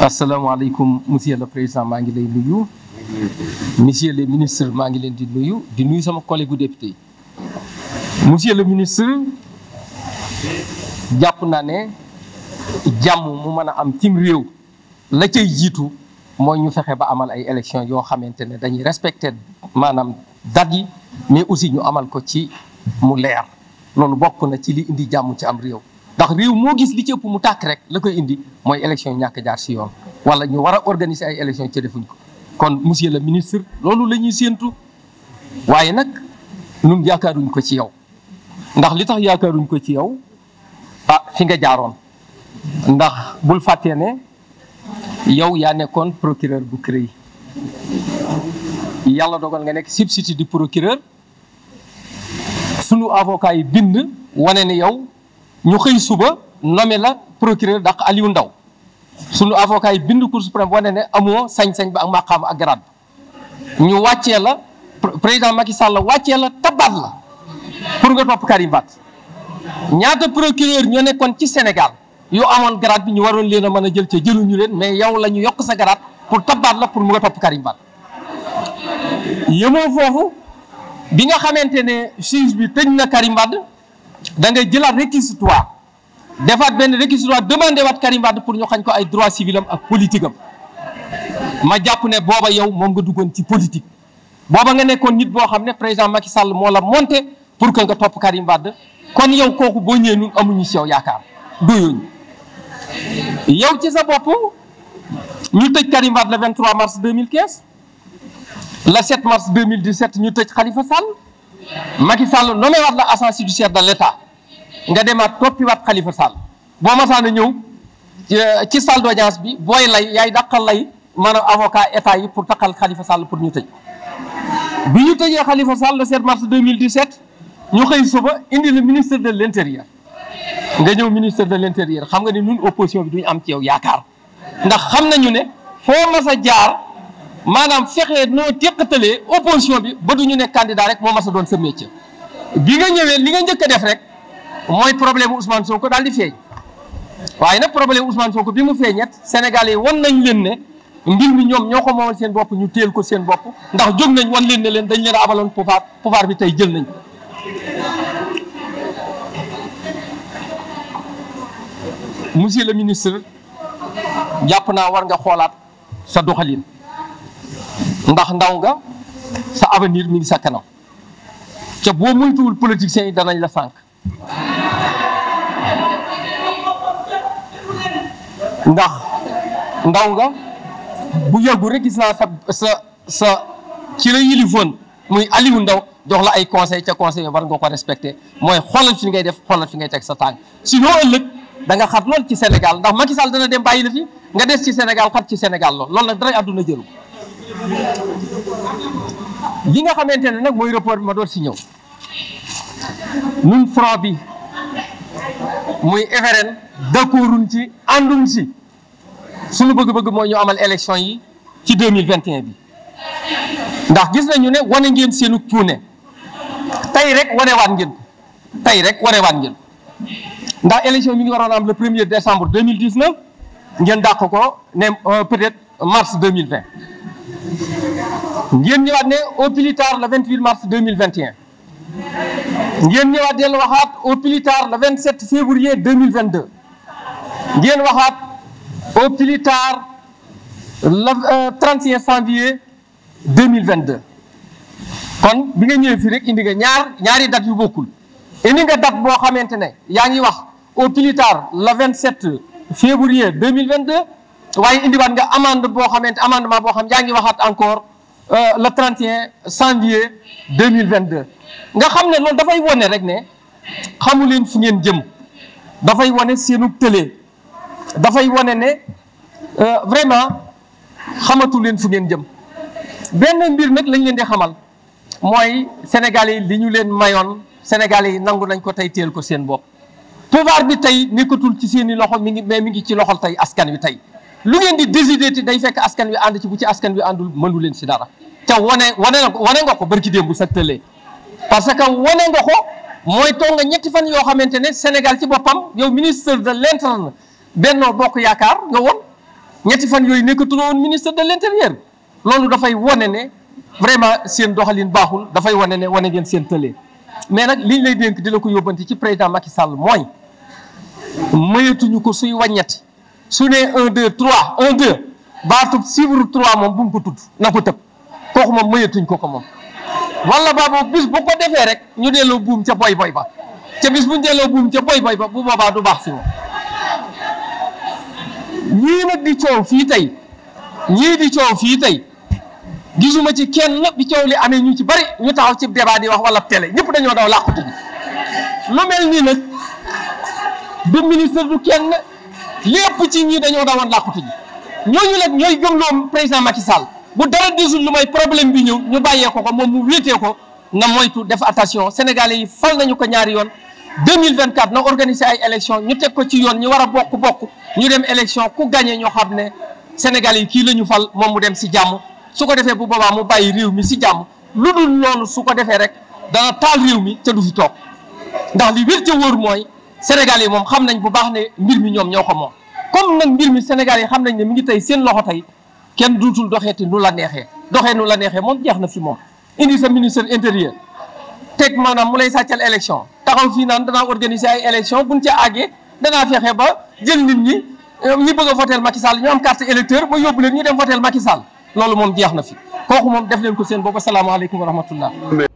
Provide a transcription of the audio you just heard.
Assalamualaikum monsieur le président Mangi ngi lay nuyu. monsieur le ministre Mangi ngi leen di nuyu di nuyu sama collègue député monsieur le ministre jàpp na né jamm mu meuna am tim réew la cay jitu mooy ñu fexé ba amal ay élections yo xamantene dañuy respecté manam date yi mais aussi ñu amal ko ci mu lèr lolu bokku na ci li indi jamm ci am réew. ndax réew moo gis li ci ëpp mu tàkk rek la koy indi mooy élection ñàkk jaar si yoon wala ñu war a ay élection ci defuñ ko kon monsieur le ministre loolu la ñuy séentu waaye nag ñun yaakaaruñ ko ci yow ndax li tax yaakaaruñ ko ci yow ah fi nga jaaroon ndax bul fàttee ne yow yaa nekkoon procureur bu CREI yàlla dogal nga nekk substitut du procureur sunu avocat yi bind wane ne yow ñu xëy suba nommé la procureur dàq Aliou Ndao sunu avocat yi bind cour suprême wane ne amoo sañ-sañ ba ak maqaam ak grade ñu wàccee la président Macky Sall wàccee la tabaat la pour nga topp Karim Wade ñaata procureur ñoo nekkoon ci Sénégal yoo amoon grade bi ñu waroon leen a mën a jël ca ñu leen mais yow la ñu yokk sa grade pour tabaat la pour mu nga topp Karim Wade yemoo foofu bi nga xamante ne juge bi tëj na Karim da ngay jëlaat réquisitoire defaat benn réquisitoire demandé waat Karim Wade pour ñu xañ ko ay droit civil am ak politique am ma jàpp ne booba yow moom nga duggoon ci politique booba nga nekkoon nit boo xam ne président Macky Sall moo la monté pour que nga topp Karim Wade kon yow kooku boo ñëwee ñun amuñu si yow yaakaar doyooñu yow ci sa bopp ñu tëj Karim Wade le 23 mars 2015 le 7 mars 2017 ñu tëj Khalifa Sall Macky Sall nommé waat la assistant du chef de l' état nga demaat toppiwaat Khalifa Sall boo masaan a ñëw ci salle d'audience bi booy lay yaay dàqal lay maanaam avocat état yi pour taqal Khalifa Sall pour ñu tëj bi ñu tëjee Khalifa Sall le 7 mars 2017 ñu xëy suba indi le ministre de l' intérieur nga ñëw ministre de l' intérieur xam nga ni ñun opposition bi duñu am ci yow yaakaar ndax xam nañu ne foo mas a jaar maanaam fexe noo teqatalee opposition bi ba duñu ne candidat rek moo mas a doon sa métier bi nga ñëwee li nga njëkk def rek. mooy problème soo ko daal di feeñ waaye nag problème Ousmane Sonko bi mu feeñet Sénégal yi wan nañ leen ne mbir mi ñoom ñoo ko moomal seen bopp ñu téel ko seen bopp ndax jóg nañ wan leen ne leen dañ leen a abaloon pouvoir pouvoir bi tey jël nañ monsieur le ministre jàpp naa war nga xoolaat sa doxaliin ndax ndaw nga sa avenir mi ngi sa kanam ca boo moytuwul politiciens yi danañ la sànq ndax ndaw nga bu yàggu rek gis naa sa sa sa ci la yilifoon muy Aliou Ndaw jox la ay conseil ca conseil war nga ko respecté mooy xoolal fi ngay def xoolal fi ngay teg sa tànk sinon ëllëg danga xat lool ci Sénégal ndax Macky Sall dana dem bàyyi la fi nga des ci Sénégal xat ci Sénégal lool la nag dara àdduna jëru li nga xamante ne nag mooy rapport ma doon si ñëw nun franc muy FRN d'accorduñ ci ànduñ ci suñu bëgg-bëgg mooy ñu amal élection yi ci deux mille vingt bi ndax gis nañu ne wane ngeen seenu cuune tey rek wane waat ko tey rek wanewaat ngeen ndax élection mi ngi waroon am le premier décembre deux mille dix neuf ngeen dàq ko ne euh, peut-être mars deux mille vingt ñëwaat ne au plus tard le vingt huit mars deux mille vingt et un ngeen au plus le 27 février 2022 bien waxaat au plus le 31 euh, janvier 2022 kon bi nga ñëwee que rek indi nga ñaar ñaari date yu Et indi nga date boo xamante ne au plus le 27 février 2022 vous avez nga amende boo xamante amendement boo xam yaa encore euh, le 31 janvier 2022 nga savez ne vous, dafay wone rek xamu leen fu ngeen jëm dafay wane seenu tëlee dafay wane ne euh, vraiment xamatu leen fu ngeen jëm benn mbir nag lañ leen di xamal mooy Sénégalais yi li ñu leen mayoon Sénégalais yi nangu nañ ko tey teel ko seen bopp. pouvoir bi tey nekkatul ci seeni loxo mi ngi mais mi ngi ci loxol tey askan wi tey lu ngeen di décider te day fekk askan wi ànd ci bu ci askan wi àndul mënu leen si dara te wane wane na nga ko barki démb sa tëlee parce que wane nga ko. mooy toog nga ñetti fan yoo xamante ne Sénégal ci boppam yow ministre de l' interne Benno Bokk Yaakaar nga woon ñetti fan yooyu nekkatuloo woon ministre de l' intérieur loolu dafay wane ne vraiment seen doxalin baaxul dafay wane ne wane ngeen seen tëlee mais nag liñ lay dénk di la ko yóbbante ci président Macky Sall mooy mayatuñu ko suy wàññati su ne un deux trois un deux baatub chiffre trois moom bu mu ko tudd na ko tëb kooku moom mayatuñ ko ko moom wala baabu bis bu ko defee rek ñu delloo buum ca boy boy ba ca bis bu ñu delloo buum ca boy boy ba bu boobaa du baax si moom ñii nag di coow fii tey ñii di coow fii tey gisuma ci kenn bi coow li amee ñu ci bari ñu taxaw ci débat di wax wala tele ñëpp dañoo daw làqutu bi lu mel nii nag du ministre du kenn lépp ci ñii dañoo dawoon làqutu ji ñooñu nag ñooy gëmloo président Macky Sall bu dara disul lu may problème bi ñëw ñu bàyyee ko ko moom mu wéetee ko na moytu def attention sénégalais yi fal nañu ko ñaari yoon 2024 na organiser ay élection ñu teg ko ci yoon ñu war a bokk bokk ñu dem élection ku gagné ñoo xam ne sénégal yi kii la ñu fal moom mu dem si jàmm su ko defee bu boobaa mu bàyyi réew mi si jàmm lu dul loolu su ko defee rek dana taal réew mi te du fi toog ndax li wér te wóor mooy sénégalais yi moom xam nañ bu baax ne mbir mi ñoom ñoo ko moom comme nag mbir mi sénégalais yi xam nañ ne mi ngi tey seen loxo tey kenn duutul doxeeti nu la neexee doxee nu la neexee moom jeex na fi moom indi sa ministre intérieur teg maanaam mu lay sàccal élection taxaw fii naan danaa organiser ay élection buñ ca àggee danaa fexe ba jël nit ñi ñi bëgg a voter Macky Sall ñu électeur ba yóbbu leen ñu dem voter Macky loolu moom jeex na fi kooku moom def leen ko seen bopp asalaamaaleykum wa rahmatullah